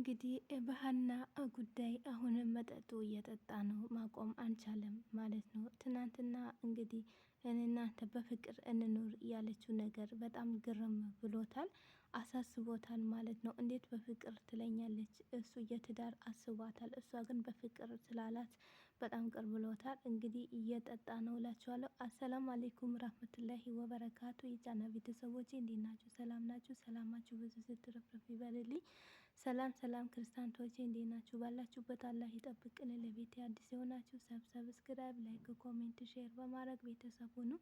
እንግዲህ በሀና ጉዳይ አሁንም መጠጡ እየጠጣ ነው፣ ማቆም አልቻለም ማለት ነው። ትናንትና እንግዲህ እናንተ በፍቅር እንኖር ያለችው ነገር በጣም ግርም ብሎታል፣ አሳስቦታል ማለት ነው። እንዴት በፍቅር ትለኛለች? እሱ የትዳር አስቧታል፣ እሷ ግን በፍቅር ስላላት በጣም ቅር ብሎታል። እንግዲህ እየጠጣ ነው እላችኋለሁ። አሰላሙ አሌይኩም ራህመቱላሂ ወበረካቱ የጫና ቤተሰቦቼ እንዴት ናችሁ? ሰላም ናችሁ? ሰላማችሁ ብዙ ስትርፍርፍ ይበልልኝ። ሰላም ሰላም ክርስቲያንቶቼ እንዴት ናችሁ? ባላችሁበት አላህ ይጠብቅልን። ለቤት አዲስ የሆናችሁ ሰብስክራይብ፣ ላይክ፣ ኮሜንት፣ ሼር በማድረግ ቤተሰብ ሁኑ።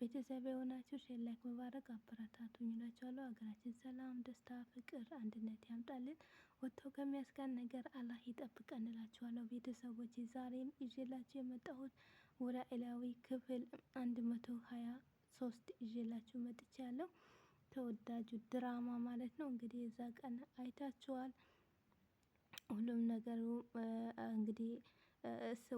ቤተሰብ የሆናችሁ ሼር፣ ላይክ በማድረግ አበረታቱኝ እላችኋለሁ። ሀገራችን ሰላም፣ ደስታ፣ ፍቅር፣ አንድነት ያምጣልን። ወጥቶ ከሚያስጋን ነገር አላህ ይጠብቀን እላችኋለሁ። ቤተሰቦች ዛሬም ይዤላችሁ የመጣሁት ኖላዊ ክፍል አንድ መቶ ሀያ ሶስት ይዤላችሁ መጥቻለሁ። ተወዳጁ ድራማ ማለት ነው። እንግዲህ የዛ ቀን አይታችኋል። ሁሉም ነገሩ እንግዲህ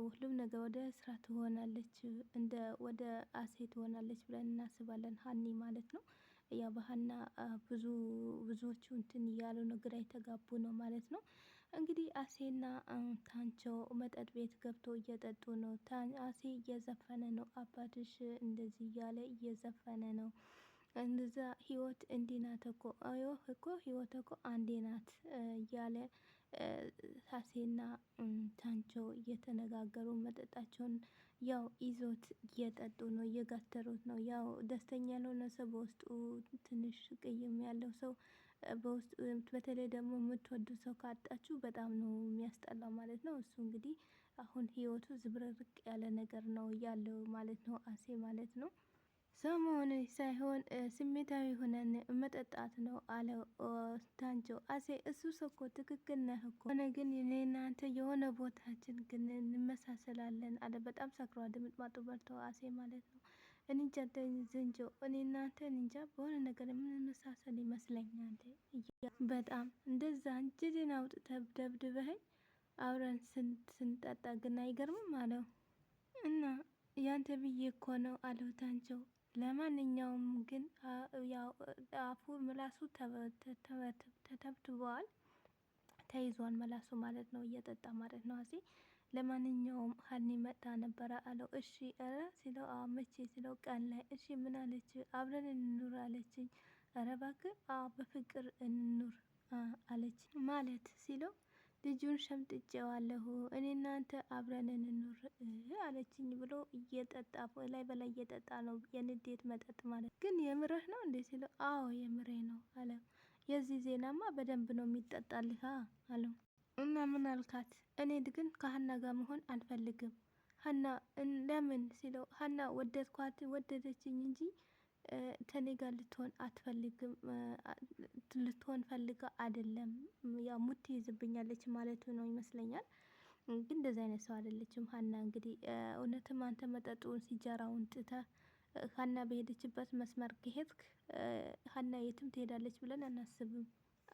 ሁሉም ነገር ወደ ስራ ትሆናለች እንደ ወደ አሴ ትሆናለች ብለን እናስባለን። ሀኒ ማለት ነው። ያ ባህና ብዙ ብዙዎቹ እንትን እያሉ ነው፣ ግራ የተጋቡ ነው ማለት ነው። እንግዲህ አሴና ታንቸው መጠጥ ቤት ገብቶ እየጠጡ ነው። አሴ እየዘፈነ ነው። አባትሽ እንደዚህ እያለ እየዘፈነ ነው እንደዛ ህይወት እንዲህ ናት እኮ አዮ እኮ ህይወት እኮ አንዴ ናት እያለ ሳሴና ታንቾ እየተነጋገሩ መጠጣቸውን ያው ይዞት እየጠጡ ነው፣ እየጋተሩት ነው። ያው ደስተኛ ያልሆነ ሰው በውስጡ ትንሽ ቅይም ያለው ሰው በውስጡ በተለይ ደግሞ የምትወዱ ሰው ካጣችሁ በጣም ነው የሚያስጠላው ማለት ነው። እሱ እንግዲህ አሁን ህይወቱ ዝብርርቅ ያለ ነገር ነው ያለው ማለት ነው፣ አሴ ማለት ነው። ሰሞን ሳይሆን ስሜታዊ ሆነን መጠጣት ነው አለ ታንቾ። አሴ እሱ ሰኮ ትክክል ነህ እኮ ሆነ ግን እኔ እናንተ የሆነ ቦታችን ግን እንመሳሰላለን አለ። በጣም ሰክሯል። ድምጥማጡ በርቶ አሴ ማለት ነው። እንጃ ዝንጆ እኔ እናንተ እንጃ በሆነ ነገር የምንመሳሰል ይመስለኛል። በጣም እንደዛ እንጅድን አውጥተህ ደብድበኸኝ አብረን ስንጠጣ ግን አይገርምም አለው እና ያንተ ብዬ እኮ ነው አለው ታንቾ ለማንኛውም ግን አፉ ምላሱ ተተብትበዋል፣ ተይዟል መላሱ ማለት ነው። እየጠጣ ማለት ነው። አሴ ለማንኛውም ሀኒ መጣ ነበረ አለው። እሺ ረ ሲለው መቼ ሲለው ቀን ላይ እሺ ምን አለች? አብረን እንኑር አለችኝ። ኧረ እባክህ በፍቅር እንኑር አለች ማለት ሲለው ልጁን ሸምጥጨዋለሁ እኔ እናንተ አብረን እንኑር አለችኝ ብሎ እየጠጣ ላይ በላይ እየጠጣ ነው። የንዴት መጠጥ ማለት ግን የምርህ ነው እንዴ ሲለው አዎ የምሬ ነው አለ። የዚህ ዜናማ በደንብ ነው የሚጠጣልህ አለው። እና ምን አልካት? እኔ ግን ከሀና ጋር መሆን አልፈልግም። ሀና ለምን ሲለው ሀና ወደድኳት ወደደችኝ እንጂ ከኔ ጋር ልትሆን አትፈልግም ልትሆን ፈልጋ አይደለም። ያ ሙት ይዝብኛለች ማለቱ ነው ይመስለኛል። ግን እንደዚ አይነት ሰው አይደለችም ሀና። እንግዲህ እውነትም አንተ መጠጡን ሲጃራውን ጥተ ሀና በሄደችበት መስመር ከሄድክ ሀና የትም ትሄዳለች ብለን አናስብም።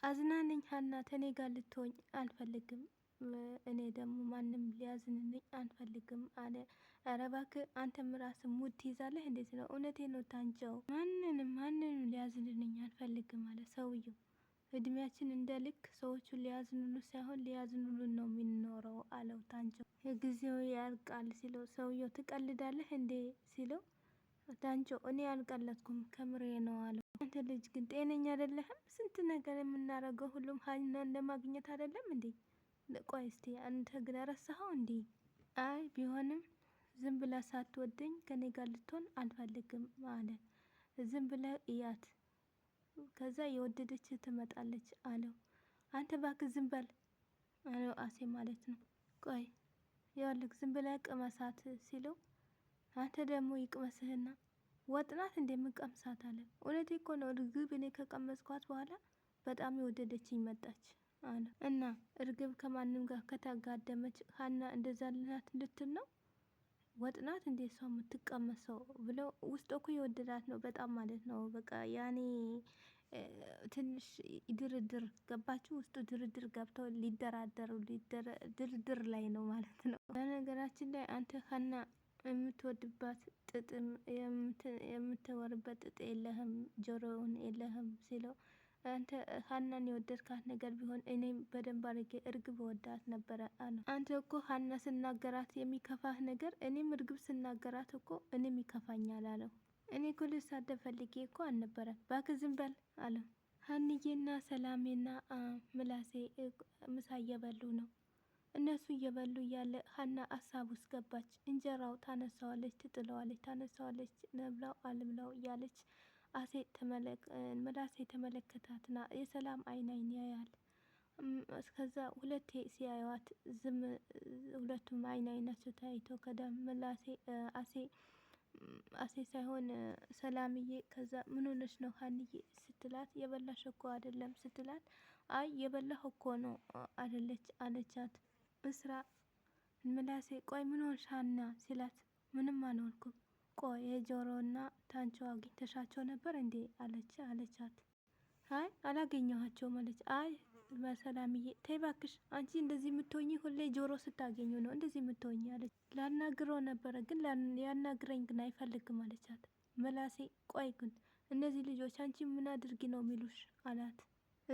አዝናነኝ ሀና ከኔ ጋር ልትሆኝ አልፈልግም። እኔ ደግሞ ማንም ሊያዝንልኝ አልፈልግም አለ ኧረ እባክህ አንተም ራስህ ሙድ ትይዛለህ እንዴት ነው? እውነት ነው ታንቸው? ማንንም ማንንም ሊያዝንልኝ አልፈልግም አለ ሰውየው። እድሜያችን እንደ ልክ ሰዎቹ ሊያዝኑሉ ሳይሆን ሊያዝንሉን ነው የምንኖረው አለው ታንጨው። ጊዜው ያልቃል ሲለው ሰውየው ትቀልዳለህ እንዴ ሲለው ታንጨው እኔ አልቀለድኩም ከምሬ ነው አለው። አንተ ልጅ ግን ጤነኛ አይደለህም። ስንት ነገር የምናደርገው ሁሉም ሀናን ለማግኘት አይደለም እንዴ? ቆይ እስቲ አንተ ግን ረሳኸው እንዴ? አይ ቢሆንም ዝም ብላ ሳትወደኝ ከኔ ጋር ልትሆን አልፈልግም አለ። ዝም ብለ እያት፣ ከዛ የወደደች ትመጣለች አለው። አንተ እባክህ ዝም በል አለው አሴ ማለት ነው። ቆይ ይኸውልህ ዝም ብለ ቅመሳት ሲለው አንተ ደግሞ ይቅመስህና ወጥናት እንደምቀምሳት አለ። እውነቴ እኮ ነው እርግብ እኔ ከቀመስኳት በኋላ በጣም የወደደችኝ መጣች አለ እና እርግብ ከማንም ጋር ከታጋደመች ሀና እንደዛ ልናት ልትል ነው ወጥናት እንዴት ሰው የምትቀመሰው ብለው ውስጥ እኮ የወደዳት ነው በጣም ማለት ነው። በቃ ያኔ ትንሽ ድርድር ገባችሁ ውስጡ ድርድር ገብተው ሊደራደሩ ድርድር ላይ ነው ማለት ነው። በነገራችን ላይ አንተ ሀና የምትወድባት ጥጥ የምትወርበት ጥጥ የለህም ጆሮውን የለህም ሲለው አንተ ሀናን የወደድካት ነገር ቢሆን እኔም በደንብ አድርጌ እርግብ ወዳት ነበረ አለ። አንተ እኮ ሀና ስናገራት የሚከፋህ ነገር እኔም እርግብ ስናገራት እኮ እኔም ይከፋኛል አለው። እኔ እኮ ልሳደብ ፈልጌ እኮ አልነበረ፣ ባክ ዝም በል አለው። ሀንዬና ሰላሜና ምላሴ ምሳ እየበሉ ነው። እነሱ እየበሉ እያለ ሀና አሳብ ውስጥ ገባች። እንጀራው ታነሳዋለች፣ ትጥለዋለች፣ ታነሳዋለች፣ ነብላው አልብላው እያለች መላሴ ተመለከታትና የሰላም አይን አይን ያያል። እስከዛ ሁለቴ ሲያዩዋት ዝም ሁለቱም አይን አይናቸው ተያይተው ከዳም መላሴ አሴ አሴ ሳይሆን ሰላምዬ ከዛ ምን ሆነች ነው ሀንዬ ስትላት የበላሽ እኮ አይደለም ስትላት አይ የበላሁ እኮ ነው አለች አለቻት። እስራ መላሴ ቆይ ምን ሆንሽ ሀና ሲላት ምንም አልሆንኩም ቆይ የጆሮና ታንቾ አግኝተሻቸው ነበር እንዴ? አለች አለቻት። አይ አላገኘኋቸውም አለች። አይ በሰላምዬ ተይ እባክሽ አንቺ እንደዚህ የምትሆኚ ሁሌ ጆሮ ስታገኙ ነው እንደዚህ የምትሆኚ አለች። ላናግረው ነበረ ግን ያናግረኝ ግን አይፈልግም አለቻት። መላሴ ቆይ ግን እነዚህ ልጆች አንቺ ምን አድርጊ ነው የሚሉሽ አላት።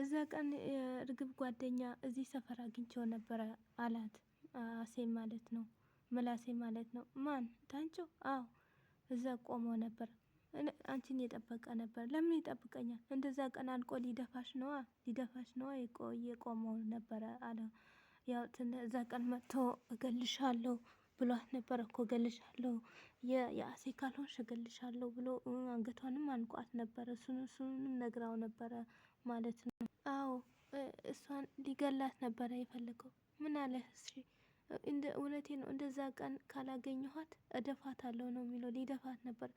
እዛ ቀን የእርግብ ጓደኛ እዚህ ሰፈር አግኝቸው ነበረ አላት። አሴ ማለት ነው መላሴ ማለት ነው። ማን ታንቸው? አዎ እዛ ቆሞ ነበር። አንቺን የጠበቀ ነበር። ለምን ይጠብቀኛል? እንደዛ ቀን አልቆ ሊደፋሽ ነዋ፣ ሊደፋሽ ነዋ የቆመው ነበረ አለ። ያው እዛ ቀን መጥቶ እገልሻለሁ ብሏት ነበር እኮ እገልሻለሁ፣ የአሴ ካልሆንሽ እገልሻለሁ ብሎ አንገቷንም አንቋት ነበረ። እሱን እሱንም ነግራው ነበረ ማለት ነው። አዎ እሷን ሊገላት ነበረ የፈለገው። ምን አለ እሺ እንደ እውነቴ ነው። እንደዛ ቀን ካላገኘኋት እደፋታለሁ ነው የሚለው። ሊደፋት ነበር።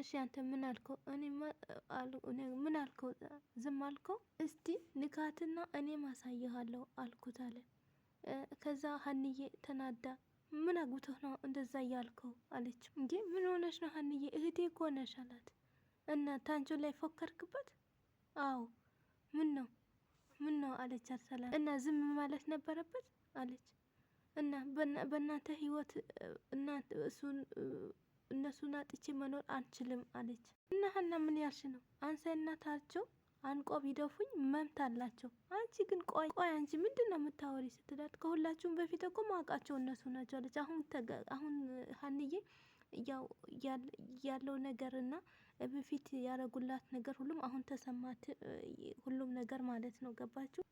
እሺ አንተ ምን አልከው? እኔ ምን አልከው? ዝም አልከው? እስቲ ንካትና እኔ ማሳይሃለሁ አልኩት አለ። ከዛ ሀንዬ ተናዳ ምን አግብቶህ ነው እንደዛ እያልከው አለችው። እንዴ ምን ሆነሽ ነው ሀንዬ? እህቴ እኮ ነሽ አላት። እና ታንቾ ላይ ፎከርክበት? አዎ ምን ነው ምን ነው አለች። አርሰላ እና ዝም ማለት ነበረበት አለች። እና በእናንተ ህይወት እሱን እነሱን አጥቼ መኖር አልችልም አለች። እና ሀና ምን ያልሽ ነው? አንሰ እናታቸው አንቆ ቢደፉኝ መብት አላቸው። አንቺ ግን ቆይ ቆይ አንቺ ምንድን ነው የምታወሪ? ስትላት ከሁላችሁም በፊት እኮ ማውቃቸው እነሱ ናቸው አለች። አሁን አሁን ሀንዬ ያው ያለው ነገርና በፊት ያረጉላት ነገር ሁሉም አሁን ተሰማት፣ ሁሉም ነገር ማለት ነው። ገባችሁ?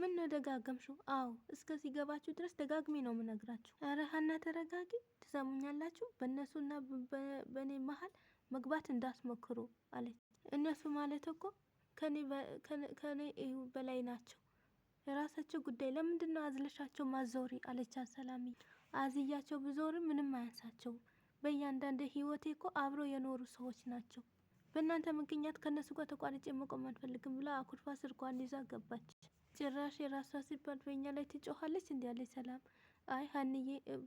ምን ነው ደጋገምሽው? አዎ እስከ ሲገባችሁ ድረስ ደጋግሜ ነው የምነግራችሁ። ኧረ ሀና ተረጋጊ። ትሰሙኛላችሁ? በእነሱና በእኔ መሀል መግባት እንዳትሞክሩ አለች። እነሱ ማለት እኮ ከኔ በላይ ናቸው። የራሳቸው ጉዳይ። ለምንድን ነው አዝለሻቸው ማዞሪ? አለች ሰላሚ። አዝያቸው ብዞሪ ምንም አያንሳቸውም። በእያንዳንድ ህይወቴ እኮ አብሮ የኖሩ ሰዎች ናቸው። በእናንተ ምክንያት ከእነሱ ጋር ተቋርጬ መቆም አልፈልግም ብላ አኩርፋ ስልኳን ይዛ ገባች። ጭራሽ የራሷ ሲባል በእኛ ላይ ትጮኻለች እንዲ ያለች ሰላም፣ አይ ሀንዬ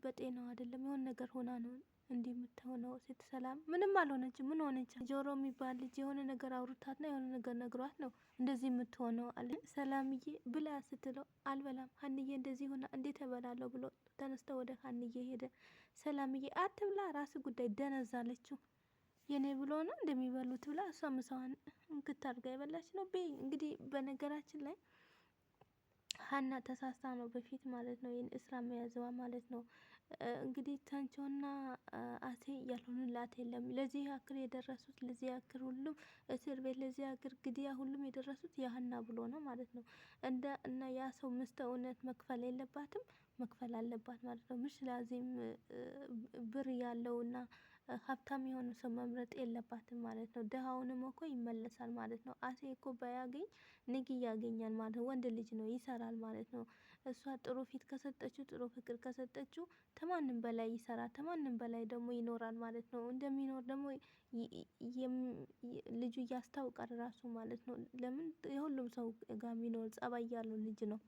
በጤናው አይደለም የሆነ ነገር ሆና ነው እንዲህ የምትሆነው ሴት ሰላም ምንም አልሆነች። ምን ሆነች? ጆሮ የሚባል ልጅ የሆነ ነገር ነው የሆነ ነገር ነግሯት ነው እንደዚህ የምትሆነው አለ ሰላምዬ ብላ ስትለው አልበላም ሀንዬ እንደዚህ ሆና እንዴት እበላለሁ ብሎ ተነስተ ወደ ሀንዬ ሄደ። ሰላምዬ አትብላ ራስ ጉዳይ ደነዛለችው። የኔ ብሎ ነው እንደሚበሉት ብላ እሷ ምሳዋን እንክታርጋ የበላች ነው ቤ እንግዲህ በነገራችን ላይ ሀና ተሳስታ ነው በፊት ማለት ነው ይህን እስራ መያዘዋ ማለት ነው። እንግዲህ ተንቾና አቴ ያልሆኑላት የለም። ለዚህ ያክል የደረሱት ለዚህ ያክል ሁሉም እስር ቤት ለዚህ ያክል ግድያ ሁሉም የደረሱት የሀና ብሎ ነው ማለት ነው። እንደ እና ያ ሰው ምስተ እውነት መክፈል የለባትም መክፈል አለባት ማለት ነው። ምሽ ላዚም ብር ያለውና ሀብታም የሆነ ሰው መምረጥ የለባትም ማለት ነው። ድሃውንም እኮ ይመለሳል ማለት ነው። አሴ እኮ ባያገኝ ንግ ያገኛል ማለት ነው። ወንድ ልጅ ነው ይሰራል ማለት ነው። እሷ ጥሩ ፊት ከሰጠችው ጥሩ ፍቅር ከሰጠችው ከማንም በላይ ይሰራል ከማንም በላይ ደግሞ ይኖራል ማለት ነው። እንደሚኖር ደግሞ ልጁ ያስታውቃል ራሱ ማለት ነው። ለምን የሁሉም ሰው ጋር የሚኖር ፀባይ ያለው ልጅ ነው።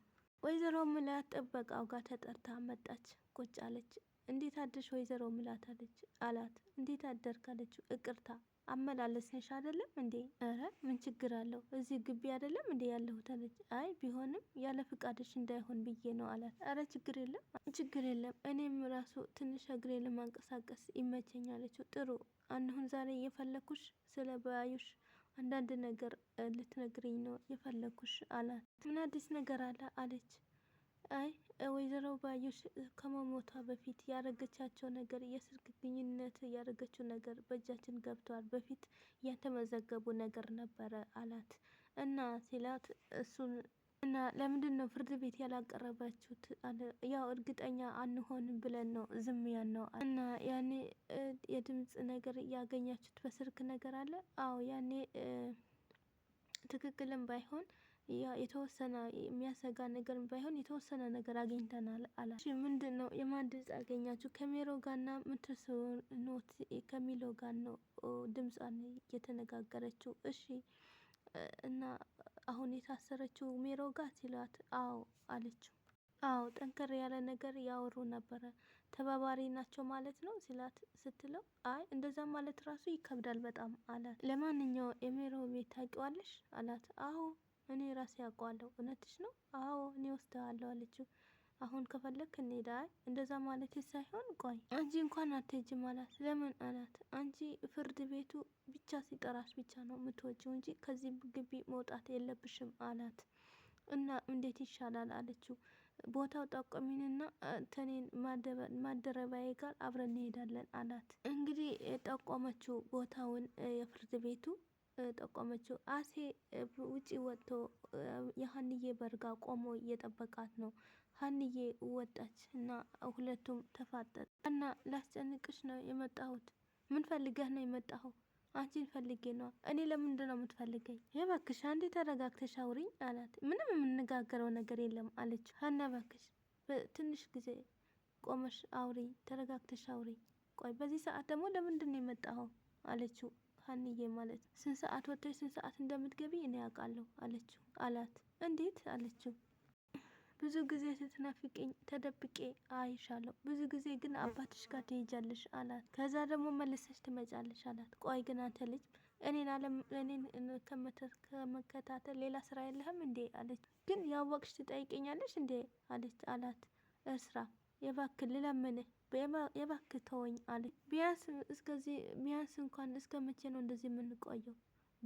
ወይዘሮ ሙላት ጥበቃው ጋር ተጠርታ መጣች ቁጭ አለች እንዴት አደርሽ ወይዘሮ ምላት አለች አላት። እንዴት አደርክ አለችው። እቅርታ አመላለስንሽ አይደለም እንዴ? ኧረ ምን ችግር አለው እዚህ ግቢ አይደለም እንዴ ያለሁት አለች። አይ ቢሆንም ያለ ፍቃድሽ እንዳይሆን ብዬ ነው አላት። እረ ችግር የለም ችግር የለም እኔም ራሱ ትንሽ እግሬ ለማንቀሳቀስ ይመቸኝ አለችው። ጥሩ አንሁን ዛሬ የፈለኩሽ ስለ ባዩሽ አንዳንድ ነገር ልትነግርኝ ነው የፈለኩሽ አላት። ምን አዲስ ነገር አለ አለች። አይ ወይዘሮ ባዩሽ ከመሞቷ በፊት ያደረገቻቸው ነገር የስልክ ግንኙነት ያደረገችው ነገር በእጃችን ገብቷል። በፊት ያልተመዘገቡ ነገር ነበረ አላት እና ሲላት እሱን እና ለምንድን ነው ፍርድ ቤት ያላቀረባችሁት? ያው እርግጠኛ አንሆንም ብለን ነው ዝም ያን ነው እና ያኔ የድምፅ ነገር ያገኛችሁት በስልክ ነገር አለ። አዎ ያኔ ትክክልም ባይሆን የተወሰነ የሚያሰጋ ነገር ባይሆን የተወሰነ ነገር አግኝተናል አላ ምንድን ነው የማን ድምፅ ያገኛችሁ? ከሜሮ ጋና ምትስኖት ከሚሎ ጋር ነው ድምጿን የተነጋገረችው። እሺ እና አሁን የታሰረችው ሜሮ ጋር ሲሏት፣ አዎ አለችው። አዎ ጠንከር ያለ ነገር ያወሩ ነበረ። ተባባሪ ናቸው ማለት ነው ሲላት ስትለው፣ አይ እንደዛ ማለት ራሱ ይከብዳል በጣም አላት። ለማንኛው የሜሮ ቤት ታውቂዋለሽ አላት። አዎ እኔ ራሴ አውቀዋለሁ። እውነትሽ ነው? አዎ እኔ ወስደዋለሁ አለችው። አሁን ከፈለግ እንሄዳ። እንደዛ ማለት ሳይሆን ቆይ አንቺ እንኳን አትሄጂም አላት። ለምን አላት። አንቺ ፍርድ ቤቱ ብቻ ሲጠራሽ ብቻ ነው የምትወጂው እንጂ ከዚህ ግቢ መውጣት የለብሽም አላት። እና እንዴት ይሻላል አለችው። ቦታው ጠቋሚንና ተኔን ማደረባዬ ጋር አብረን እንሄዳለን አላት። እንግዲህ የጠቆመችው ቦታውን የፍርድ ቤቱ ጠቆመችው። አሴ ውጪ ወጥቶ የሀንዬ በርጋ ቆሞ እየጠበቃት ነው። ሀንዬ ወጣች እና ሁለቱም ተፋጠጡ። እና ላስጨንቅሽ ነው የመጣሁት። ምን ፈልገህ ነው የመጣኸው? አንቺን ፈልጌ ነው። እኔ ለምንድን ነው የምትፈልገኝ? የባክሽ አንዴ ተረጋግተሽ አውሪኝ አላት። ምንም የምነጋገረው ነገር የለም አለች ሀና። በክሽ ትንሽ ጊዜ ቆመሽ አውሪኝ፣ ተረጋግተሽ አውሪኝ። ቆይ በዚህ ሰዓት ደግሞ ለምንድን ነው የመጣኸው? አለችው ሀንዬ ማለት ነው። ስንት ሰዓት ወጥተሽ ስንት ሰዓት እንደምትገቢ እኔ አውቃለሁ አለችው አላት። እንዴት አለችው። ብዙ ጊዜ ስትናፍቅኝ ተደብቄ አይሻለሁ፣ ብዙ ጊዜ ግን አባትሽ ጋር ትሄጃለሽ አላት። ከዛ ደግሞ መልሰሽ ትመጫለሽ አላት። ቆይ ግን አንተ ልጅ እኔን አለም እኔን ከመከታተል ሌላ ስራ የለህም እንዴ አለች። ግን ያወቅሽ ትጠይቀኛለሽ እንዴ አለች አላት። እስራ የባክል ልለምንህ የባክ ተወኝ አለ። ቢያንስ እስከዚህ ቢያንስ እንኳን እስከ መቼ ነው እንደዚህ የምንቆየው?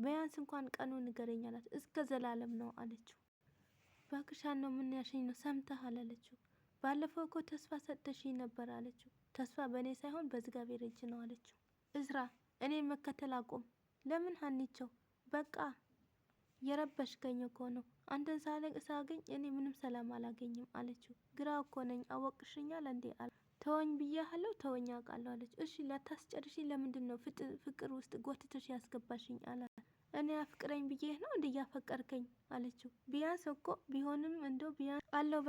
ቢያንስ እንኳን ቀኑ ንገረኝ አላት። እስከ ዘላለም ነው አለችው። ባክሻን ነው ምን ያሸኝ ነው ሰምተሃል አለችው። ባለፈው እኮ ተስፋ ሰጥተሽኝ ነበር አለችው። ተስፋ በእኔ ሳይሆን በእግዚአብሔር እጅ ነው አለችው። እዝራ እኔ መከተል አቁም። ለምን ሀኒቸው በቃ የረበሽከኝ እኮ ነው አንተን ሳለቅ ሳገኝ እኔ ምንም ሰላም አላገኝም አለችው። ግራ እኮ ነኝ አወቅሽኛል እንዴ አለ። ተወኝ ብያህለው ተወኝ አውቃለሁ አለች። እሺ ላታስጨርሽ ለምንድን ነው ፍቅር ውስጥ ጎትተሽ ያስገባሽኝ አላ እኔ አፍቅረኝ ብዬህ ነው እንደ እያፈቀርከኝ አለችው። ቢያንስ እኮ ቢሆንም እንደው ቢያንስ አለው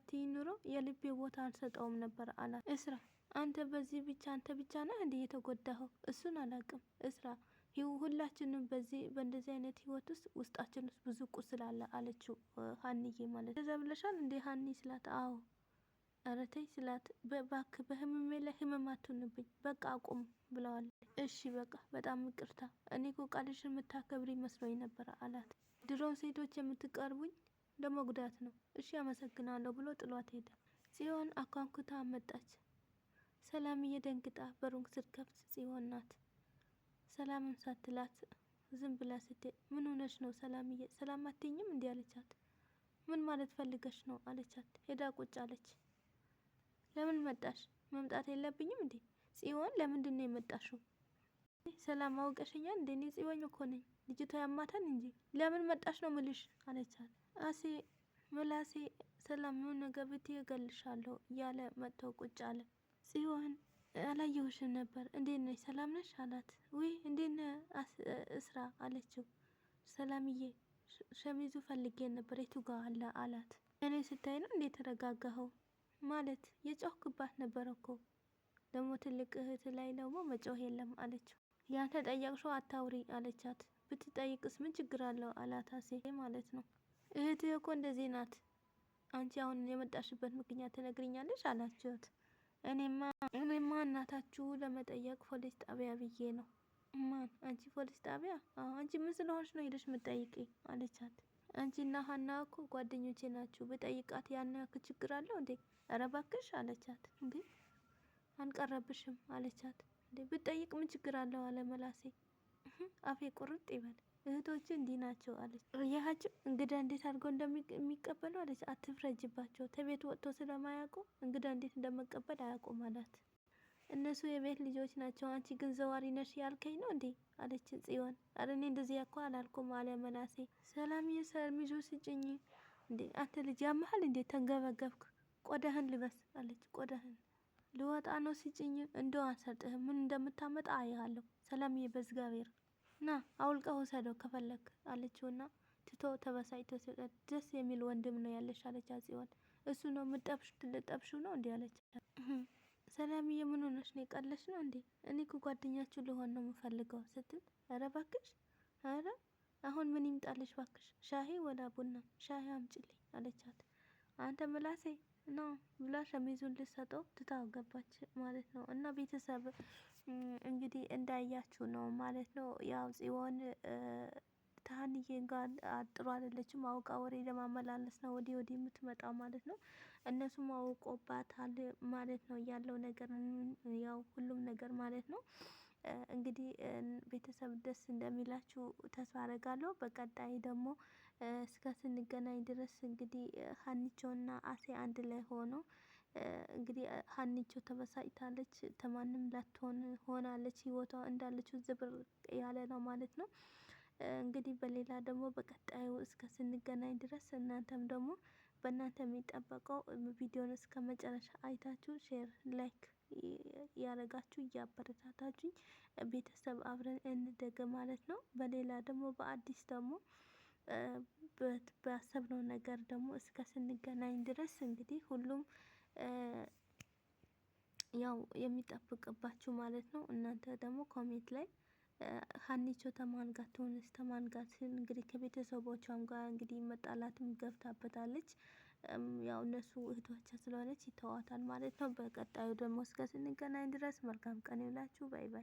በቲ ኑሮ የልቤ ቦታ አልሰጠውም ነበር አላት። እስራ አንተ በዚህ ብቻ አንተ ብቻ ነህ እንደ የተጎዳኸው እሱን አላቅም እስራ ሁላችንም በዚህ በእንደዚህ አይነት ህይወት ውስጥ ውስጣችን ውስጥ ብዙ ቁስል አለ አለችው ሀኒዬ ማለት ነው። ብለሻል እንዴ ሀኒ ስላት፣ አዎ ረተኝ ስላት፣ በባክ በህመሜ ላይ ህመም አትሆንብኝ በቃ አቁም ብለዋል። እሺ በቃ በጣም ይቅርታ እኔ ኮ ቃልሽን የምታከብሪ መስሎኝ ነበረ አላት። ድሮ ሴቶች የምትቀርቡኝ ለመጉዳት ነው እሺ አመሰግናለሁ ብሎ ጥሏት ሄደ። ጽዮን አኳንኩታ አመጣች። ሰላምዬ ደንግጣ በሩን ስትከፍት ጽዮን ናት። ሰላምን ሳትላት ዝም ብላ ስትሄድ ምን ሆነች ነው ሰላምዬ? ሰላም አትይኝም እንዲህ አለቻት። ምን ማለት ፈልገሽ ነው አለቻት። ሄዳ ቁጭ አለች። ለምን መጣሽ? መምጣት የለብኝም እንዴ ጽዮን? ለምንድን ነው የመጣሽው? ሰላም አውቀሽኛል እንዴ? እኔ ጽዮን እኮ ነኝ። ልጅቷ ያማታል እንጂ ለምን መጣሽ ነው ምልሽ አለቻት። አሴ ምላሴ ሰላም የሆነ ገብቼ እገልሻለሁ እያለ መጥተው ቁጭ አለ ጽዮን አላየሁሽም ነበር እንዴት ነሽ? ሰላም ነሽ? አላት። ውይ እንዴት ነህ እስራ አለችው። ሰላምዬ ሸሚዙ ፈልጌ ነበር የቱ ጋ አለ አላት። እኔ ስታይ ነው እንዴት ተረጋጋኸው? ማለት የጮህክባት ነበር እኮ ደግሞ ትልቅ እህት ላይ ደግሞ መጮህ የለም አለችው። ያንተ ጠየቅሽው አታውሪ አለቻት። ብትጠይቅስ ምን ችግር አለው አላት። አሴ ማለት ነው እህትህ እኮ እንደዚህ ናት። አንቺ አሁን የመጣሽበት ምክንያት ትነግርኛለች አላችሁት። እኔማ እኔማ እናታችሁ ለመጠየቅ ፖሊስ ጣቢያ ብዬ ነው። ማን አንቺ ፖሊስ ጣቢያ? አንቺ ምን ስለሆንሽ ነው ሄደሽ ምጠይቂ? አለቻት። አንቺ እና ሀና እኮ ጓደኞቼ ናችሁ። ብጠይቃት ያን ያክል ችግር አለው እንዴ? ኧረ እባክሽ አለቻት። እንዴ አንቀረብሽም አለቻት። እንዴ ብጠይቅ ምን ችግር አለው አለ መላሴ። አፌ ቁርጥ ይበል። እህቶች እንዲህ ናቸው አለች። ያህችው እንግዳ እንዴት አድርገው እንደሚቀበሉ አለች። አትፍረጅባቸው፣ ተቤት ወጥቶ ስለማያውቁ እንግዳ እንዴት እንደመቀበል አያውቁም አላት። እነሱ የቤት ልጆች ናቸው፣ አንቺ ግን ዘዋሪ ነሽ ያልከኝ ነው እንዴ አለች ጽዮን። አረ እኔ እንደዚህ ያኮ አላልኩም አለ መናሴ። ሰላም የሰር ሚዞ ስጭኝ እንዴ አንተ ልጅ ያመሃል እንዴ ተንገበገብክ? ቆዳህን ልበስ አለች። ቆዳህን ልወጣ ነው ስጭኝ፣ እንደው አንሰጥህም ምን እንደምታመጣ አያለሁ። ሰላምዬ በእግዚአብሔር ና አውልቀ ውሰደው ከፈለክ አለችውና ትቶ ተበሳጭቶ ሲወጣ ደስ የሚል ወንድም ነው ያለሽ አለቻት ጽዮን። እሱ ነው ምጠብሽ ልጠብሽው ነው እንዲ አለች። ሰላምዬ የምን ሆነሽ ነው የቀለሽ ነው እንዴ? እኔ እኮ ጓደኛችሁ ልሆን ነው የምፈልገው ስትል፣ ኧረ እባክሽ ኧረ አሁን ምን ይምጣልሽ ባክሽ፣ ሻሂ ወላ ቡና? ሻሂ አምጪልኝ አለቻት። አንተ ምላሴ ነው ብላ ሸሚዙን ልሰጠው ትታው ገባች ማለት ነው። እና ቤተሰብ እንግዲህ እንዳያችሁ ነው ማለት ነው። ያው ጽዮን ከሀንዬ ጋር ጥሩ አይደለችም። አውቃ ወሬ ለማመላለስ ነው ወዲህ ወዲህ የምትመጣው ማለት ነው። እነሱም አውቆባታል ማለት ነው ያለው ነገር ያው ሁሉም ነገር ማለት ነው። እንግዲህ ቤተሰብ ደስ እንደሚላችሁ ተስፋ አረጋለሁ። በቀጣይ ደግሞ እስከ ስንገናኝ ድረስ እንግዲህ ሀኒቾና አሴ አንድ ላይ ሆኖ እንግዲህ ሀኒቾ ተበሳጭታለች። ተማንም ላትሆን ሆናለች። ህይወቷ እንዳለችው ዝብርቅ ያለ ነው ማለት ነው። እንግዲህ በሌላ ደግሞ በቀጣዩ እስከ ስንገናኝ ድረስ እናንተም ደግሞ በእናንተ የሚጠበቀው ቪዲዮን እስከ መጨረሻ አይታችሁ ሼር፣ ላይክ ያደረጋችሁ እያበረታታችሁ ቤተሰብ አብረን እንደግ ማለት ነው። በሌላ ደግሞ በአዲስ ደግሞ ባሰብነው ነገር ደግሞ እስከ ስንገናኝ ድረስ እንግዲህ ሁሉም ያው የሚጠብቅባችሁ ማለት ነው። እናንተ ደግሞ ኮሜንት ላይ ሀኒቾ ተማን ጋር ትሆንስ ተማን ጋር እንግዲህ ከቤተሰቦቿም ጋር እንግዲህ መጣላትም ገብታበታለች። ያው እነሱ እህቶቻ ስለሆነች ይተዋታል ማለት ነው። በቀጣዩ ደግሞ እስከ ስንገናኝ ድረስ መልካም ቀን ይውላችሁ። ባይ ባይ።